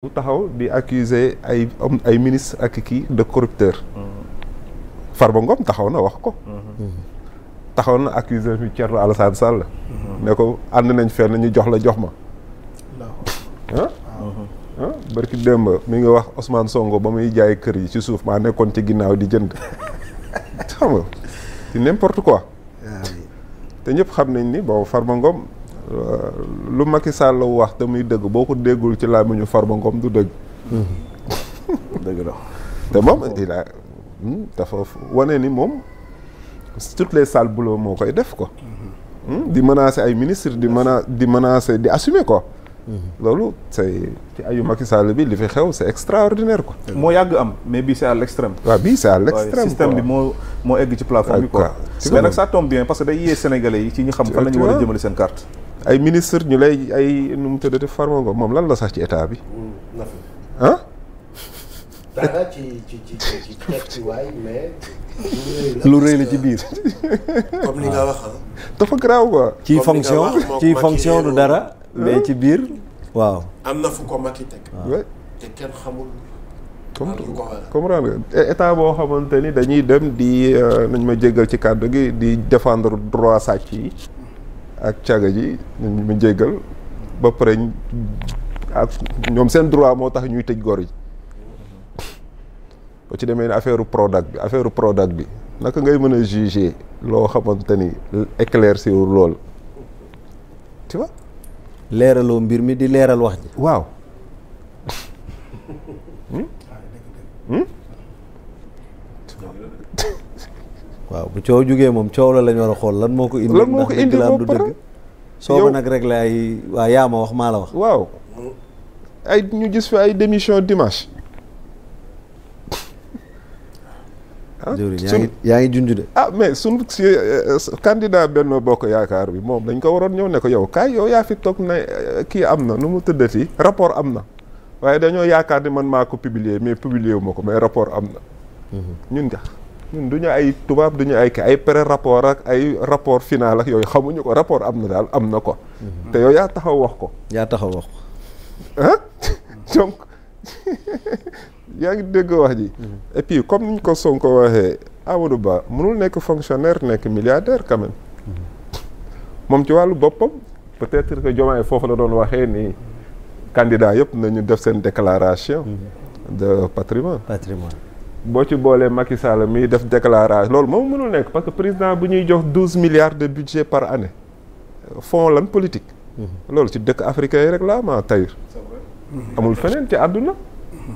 bu taxaw di accuser ay homme ay ministre ak kii de corrupteur mm-hmm. Farba Ngom taxaw na wax ko mm-hmm. Mm-hmm. taxaw na accuser fi Thierno Alassane Sall ne ko ànd nañ fenn ñu jox la jox ma ah ah démb mi ngi wax osmaan songo ba muy jaay kër yi ci suuf maa nekkoon ci ginnaaw di jënd xam nga ci n'importe quoi te ñëpp xam nañ ni bon Farba Ngom Euh, lu Macky Sall la wax te muy dëgg boo ko déggul ci làmmiñu Farba Ngom du dëgg. dëgg la te moom il a hmm, dafa wane ni moom toutes les sales moo koy def ko hmm, di menacer ay ministre di mena di menacer di assumer ko mm-hmm. loolu c'est ci ayu Macky Sall bi li fi xew c'est extraordinaire quoi. moo yàgg am mais bii c'est à l'extrême. waaw bii c'est à l'extrême système bi moo egg ci plateforme bi quoi. mais nag ça tombe bien parce day yee sénégalais yi ci ñu xam fan la war a jëmale seen carte. ay ministre ñu lay ay nu mu tëddati Farba Ngom moom lan la sax ci état bi. ah. dara ci lu rëy la ci biir. comme li nga wax dafa garaaw quoi. ci fonction ci fonction du dara. mais ci biir waaw. am na fu ko Macky te kenn comme comprendre nga boo xamante ni dañuy dem di euh, nañ ma jéggal ci kàddu gi di défendre droit sàcc yi. ak caga ji mu ma jéggal ba pare ak ñoom seen droit moo tax ñuy tëj gor yi ba ci demee ne affaire Prodac bi affaire Prodac bi naka ngay mën a juger loo xamante ni lool tu leeraloo mbir mi di leeral wax ji. waaw. Hmm? Hmm? waaw bu coow moom coow la lañ war a xool lan moo ko indi lan moo ko indi la nag rek lay waa yaa ma wax maa la wax waaw ay ñu gis fi ay démission dimanche ah yaa ngi junj de. ah mais sunu si eh, eh, candidat Benno Bokk Yaakaar bi moom dañ ko waroon ñëw ne ko yow kaay yow yaa fi toog na eh, kii am na nu mu tëddati rapport am na waaye dañoo yaakaar ni man maa ko publier mais publier wu ma mais rapport am na. Mhm. ñun jax ñun du ñu ay tubaab du ñu ay ay pré rapport ak ay rapport final ak yooyu xamuñu ko rapport am na daal am na ko. Mhm. te yow yaa taxaw wax ko. yaa taxaw wax ko. ah donc yaa ngi dégg wax ji. Mhm. et puis comme niñ ko Sonko waxee Amadou Ba mënul nekk fonctionnaire nekk milliardaire quand mhm. moom ci wàllu boppam peut-être que Diomaye foofu la doon waxee nii candidat yëpp nañu def seen déclaration. de patrimoine. patrimoine. boo ci boolee Macky Sall miy def déclaration loolu moom mënul nekk parce que président bu ñuy jox douze milliards de budget par année fond lan politique. Mhm. loolu ci dëkk africain yi rek la ma tayir mhm. amul feneen ci àdduna. Mhm.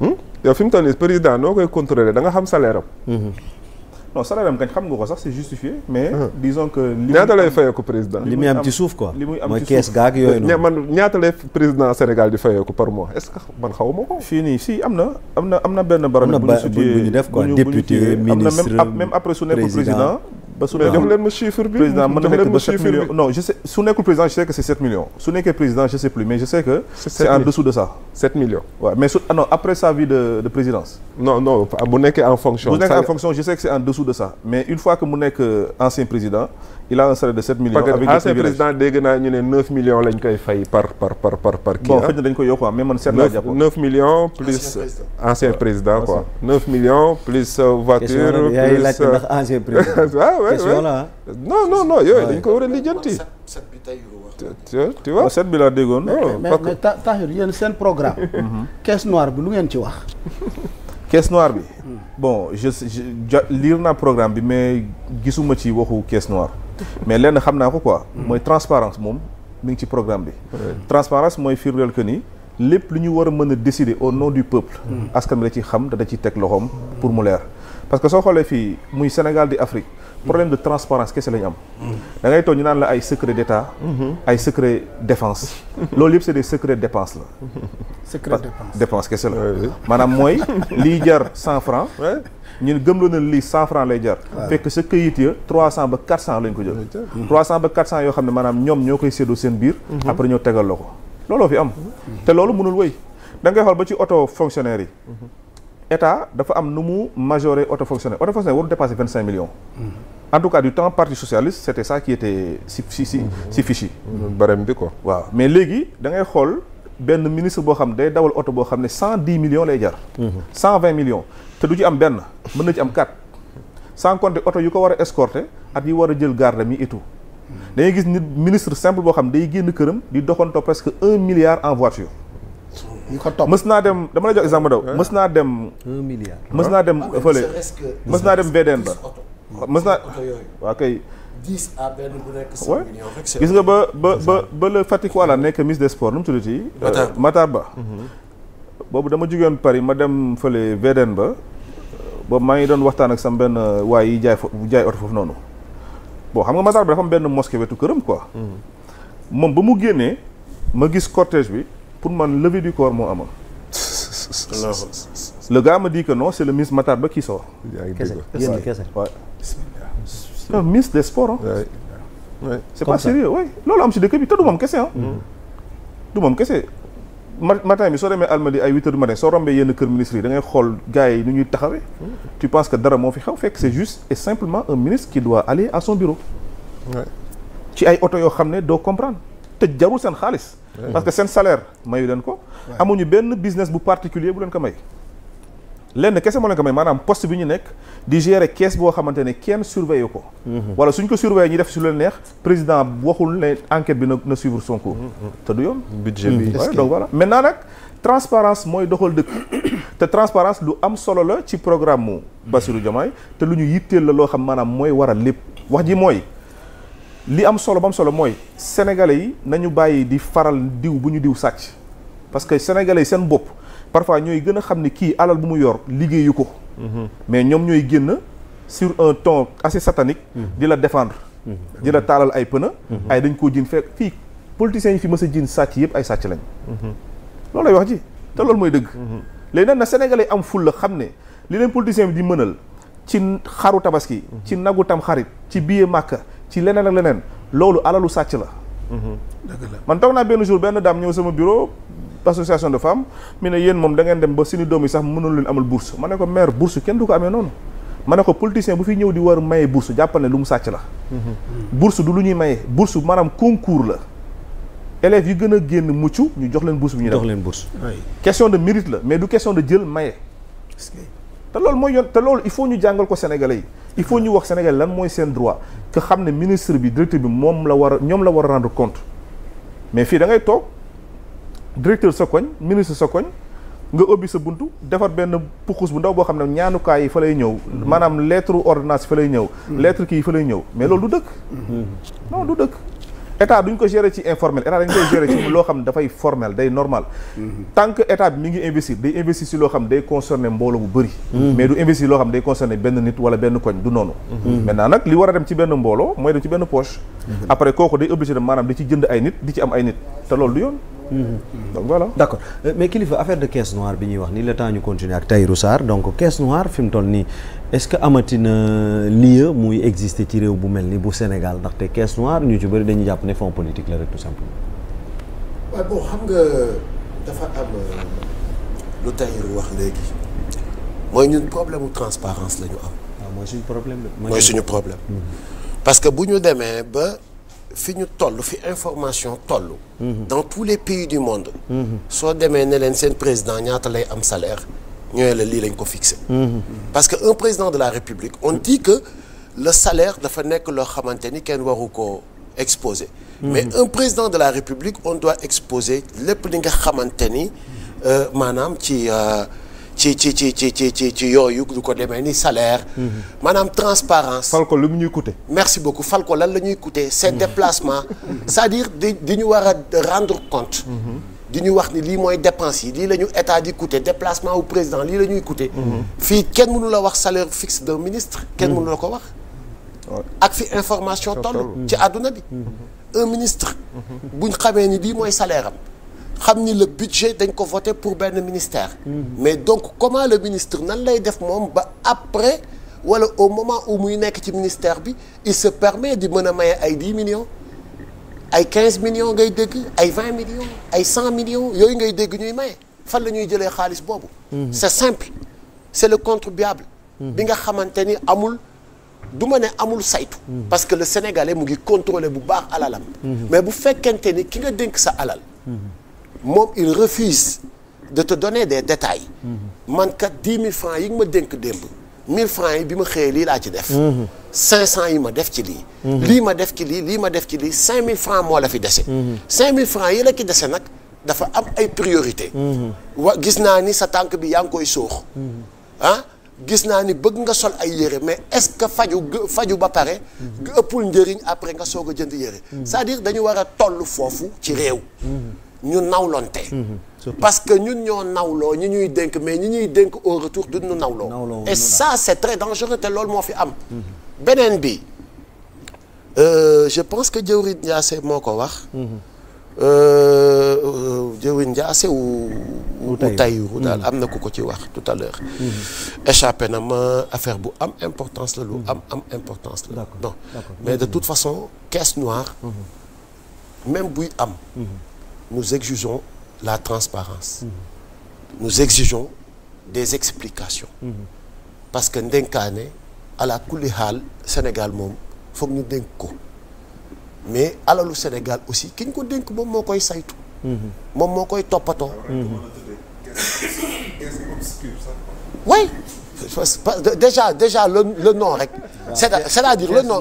Hmm? yow fi mu président noo koy contrôler danga xam salaire am. non salaire am kañ xam nga ko sax c'est justifié mais ah. disons que ñaata lay fayee ko président li muy am ci suuf quoi li muy am ci suuf kees gaag yooyu noonu man ñaata lay président Sénégal di fayee ko par mois est-ce que man xaw ma ko fii nii si am na am na am na benn baromètre bu ñu def quoi député ministre am na même après su nekk président ba su dee jox leen ma chiffre bi président mën na nekk non je sais su nekkul président je sais que c' est 7 millions su nekkee président je sais plus mais je sais que. c' est en dessous de ça. 7 millions waaw mais su ah non après sa vie de de non non bu nekkee en fonction. bu nekkee en fonction je sais que c' est de ça mais une fois que mu nekk euh, ancien il a un salaire de 7 millions. avec ancien président dégg naa ñu ne 9 millions lañ koy fay par par par par par. kii bon ah. xëy na dañ koy yokk quoi mais man seet laa jàpp. 9 millions plus. ancien président quoi. ngi laajte euh, ah, non non non yooyu dañ ko war a lijjanti. set bi tey wax. tu vois set bi laa déggoon. mais mais Tahir yéen seen programme. Mhm. caisse noire bi lu ngeen ci wax. caisse noire bi. Hmm. bon je je lire naa programme bi mais gisuma ci waxu caisse noire. mais lenn xam naa ko quoi mooy transparence moom mi ngi ci programme bi transparence mooy firndeel que ni lépp lu ñu war a mën a décider au nom du peuple askan bi da ci xam da ciy teg loxoom pour mu leer parce que soo xoolee fii muy Sénégal di Afrique problème de transparence kese la ñu am da ngay toog ñu naan la ay secret d'état ay secret défense loolu yëpp c'est des secrets dépense la secret dépense kese la maanaam mooy liy jar cent franc ñun gëmloo na lii cent franc lay jar fekk sa këyit ya trois cent ba quatre cent lañ ko jël trois cent ba quatre cent yoo xam ne maanaam ñoom ñoo koy séddoo seen biir mhm. après ñoo tegal la ko looloo fi am mhm. te loolu mënul wéy da ngay xool ba ci auto fonctionnaire yi mhm. état dafa am nu mu majoré auto fonctionnaire auto fonctionnaire waru dépasser vingt cinq millions en tout cas du temps parti socialiste mais léegi da ngay xool benn ministre boo xam day dawal oto boo xam ne cent dix millions lay jar. cent vingt millions te du ci am benn mën na ci am quatre. sans compter oto yu ko war a escorter at yi war a jël garde mi et tout gis nit ministre simple boo xam day génn këram di doxanto presque un milliard en voiture. ñu mës naa dem dama la jox exemple daw mës naa dem. un milliard mës naa ah, mës naa dem VDN ba. mës naa waaw kay. dix bu nekk cinq millions rek gis nga ba ba ba ba la Fatick wala nekk ministre des sports nu mu tuddati. Euh, ba mhm. boobu dama jógee woon Paris ma dem fële VDN ba. boobu maa ngi doon waxtaan ak sam benn euh, waay yi jaay fo jaay oto foofu noonu. boo xam nga Matar Ba dafa am benn mosquée wetu këram quoi. Mhm. moom ba mu génnee ma gis cortège bi pour man levée du corps moo amoon. le gars ma dit que non c'est le ministre Matar Ba qui sort. yaa ngi dégg c'est un ministre des sports ah. oui loolu am si dëkk bi te du moom kese ah. du moom kese matin bi soo demee Almadies ay huit heures du matin soo rombee yenn kër ministre yi da ngay xool gars yi nu ñuy taxawee. Mm-hmm. tu penses que dara moo fi xew fekk c'est juste et simplement un ministre qui doit aller à son bureau. ci ay oto yoo xam ne doo comprendre te jarul seen xaalis. parce que seen salaire mayu leen ko. amuñu benn business bu particulier bu leen ko may. lenn kese moo leen ko maanaam poste bi ñu nekk. di gérer kees boo xamante ne kenn surveille ko wala suñ ko surveille ñu def si lu neex président waxul ne enquête bi na na suivre son cours te du yoon budget bi mmh. donc voilà maintenant nag transparence mooy doxal dëkk te transparence lu am solo la ci programme mu Bassirou Diomaye te lu ñu yitteel la loo xam maanaam mooy waral lépp wax ji mooy li am solo bam solo mooy sénégalais yi nañu bàyyi di faral diw bu ñu diw sàcc parce que sénégalais yi seen bopp parfois ñooy gën a xam ne kii alal bu mu yor liggéeyu ko mais ñoom ñooy génn sur un ton assez satanique di la défendre di la taalal ay pëna ay dañ koo jin fekk fii politiciens yi fi mës a jin sàcc yëpp ay sàcc lañ loolu lay wax ji te loolu mooy dëgg léegi nag na am ful xam ne li leen politicien bi di mënal ci xaru tabaski ci nagu tam xarit ci billet màkka ci leneen ak leneen loolu alalu sàcc la dëgg la man toog naa benn jour benn daam ñëw sama bureau association de femmes mi ne yéen moom da ngeen dem ba suñu doom yi sax mënul leen amal bourse ma ne ko maire bourse kenn du ko amee noonu ma ne ko politicien bu fi ñëw di war maye bourse jàppal ne lu mu sàcc la bourse du lu ñuy maye bourse maanaam concours la élèves yi gën a génn mucc ñu jox leen bourse bi ñu def leen bourse question de mérite la mais du question de jël maye te loolu mooy yoon te loolu il faut ñu jàngal ko sénégalais yi il faut ñu wax sénégalais lan mooy seen droit xam ne ministre bi directeur bi moom la war a ñoom la war a rendre compte mais fii da toog directeur sa koñ ministre sa koñ nga ubbi sa buntu defar benn puxus bu ndaw boo xam ne ñaanukaay yi fa lay ñëw mhm. maanaam lettre ordonnance fa lay ñëw mhm. lettre kii fa lay ñëw mais loolu du dëkk mhm. non du dëkk état duñ ko gérer ci informel état dañ koy gérer ci loo xam ne dafay formel day normal tant que état bi mi ngi investir day loo xam day concerner mbooloo bu bëri mais du investir loo xam day concerner benn nit wala benn koñ du noonu maintenant nag li war a dem ci benn mbooloo mooy dem ci benn poche après kooku day obligé de maanaam ci jënd ay nit di ci am ay nit te loolu du yoon Mm-hmm. donc voilà d'accord euh, mais kilifa affaire de caisse noire bi ñuy wax ni le temps ñu continuer ak Tahirou Sarr donc caisse noire fi mu toll nii est-ce que amatina lieu muy exister ci réew bu mel ni bu Sénégal ndaxte caisse noire ñu ju bëri dañu jàpp ne fonds politique la rek tout simplement. waaw bon xam nga dafa am euh, lu Tahirou wax léegi mooy ñun problème mu transparence la am. waaw ah, mooy suñu problème la. Mm-hmm. bu ñu demee ba. fi ñu toll fi information toll. Mhm. dans tous les pays du monde. Mhm. soo demee ne leen seen président ñaata lay am salaire ñooy la lii lañ ko fixé. Mhm. parce que un président de la république on dit que le salaire dafa nekk loo xamante ni kenn waru ko exposé mais un président de la république on doit exposé lépp li nga xamante ni euh, maanaam ci. Euh, ci ci ci ci ci ci ci yooyu du ko demee ni salaire. Mhm. maanaam transparence fal ko lu mu ñuy coûter. merci beaucoup fal ko lan la ñuy coûter. ces mhm. déplacements. Mhm. c'est-à-dire di ñu war a rendre compte. di ñu wax ni lii mooy dépense yi lii la ñu état di coûter déplacement au président lii la ñuy coûter. fii kenn mënu la wax salaire fixe d'un ministre. kenn mënu la ko wax. ak fi information toll. ci àdduna bi. un ministre. buñ xamee ni lii mooy salaire am. xam ni le budget dañ ko voté pour benn ministère mhm. mais donc comment le ministre nan lay def moom ba après wala au moment où muy nekk ci ministère bi il se permet di mën a maye ay dix millions ay quinze millions ngay dégg ay vingt millions ay cent millions yooyu ngay dégg ñuy maye fan la ñuy jëlee xaalis boobu mhm. c'est simple c'est le contribuable mhm. bi nga xamante ni amul du ma ne amul saytu parce que le sénégalais mu ngi contrôler bu baax alalam mais bu fekkente ni ki nga dénk sa alal moom il refuse de te donner des détails man kat dix mille francs yi nga ma dénk démb mille francs yi bi ma xëyee lii laa ci def cinq cent yi ma def ci lii lii ma def ci lii ma def ci lii cinq mille francs moo la fi dese cinq mille francs yi la ki dese nag dafa am ay priorité wa gis naa ni sa tànk bi yaa ngi koy sóox ah gis naa ni bëgg nga sol ay yére mais est-ce que faju faju ba pare nga ëppul njëriñ après nga soog a jënd yére cest dire dañu war a toll foofu ci réew ñu nawlonte mhm. parce que ñun ñoo nawloo ñi ñuy dénk mais ñi ñuy dénk au retour duñu nawloo et ça c'est très dangereux te loolu moo fi am mhm. beneen bi euh, je pense que Dieuwrine Ndiasse moo ko wax Dieuwrine mhm. Ndiasse wu Tayrou daal am na ku ko ci wax tout à l'heure échappé na ma affaire bu am importance la lu am am importance la bon mais de toute façon caisse noire même buy am nous exigeons la transparence nous exigeons des explications parce que ndenkaane ala kulli xaal Sénégal moom foog ñu dénk ko mais alalu Sénégal aussi ki ñu ko dénk moom moo koy saytu moom moo koy toppatoo déjà déjà le le nom rek. Ah, c'est-à-dire le nom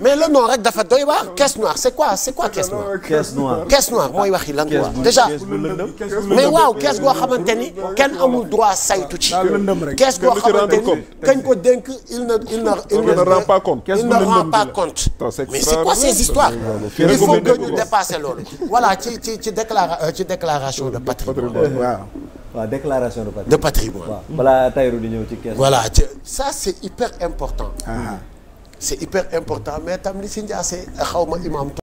mais le nom rek dafa doy waar caisse noire c'est quoi caisse noire. caisse noire mooy waxi lan quoi déjà. mais waaw caisse goo xamante ni kenn amul droit saytu ci. caisse goo xamante ni kañ ko dénk il ne il rend pas compte. il ne rend pas compte. mais c'est quoi ces histoires. il faut que ñu dépasser loolu. voilà ci ci ci déclara euh, déclaration de patrimoine. waaw déclaration de patrimoine de patrimoine. di ñëw ci kees. voilà ça c' est important. Ah. c' important mais tam li si njaase xaw ma imaam.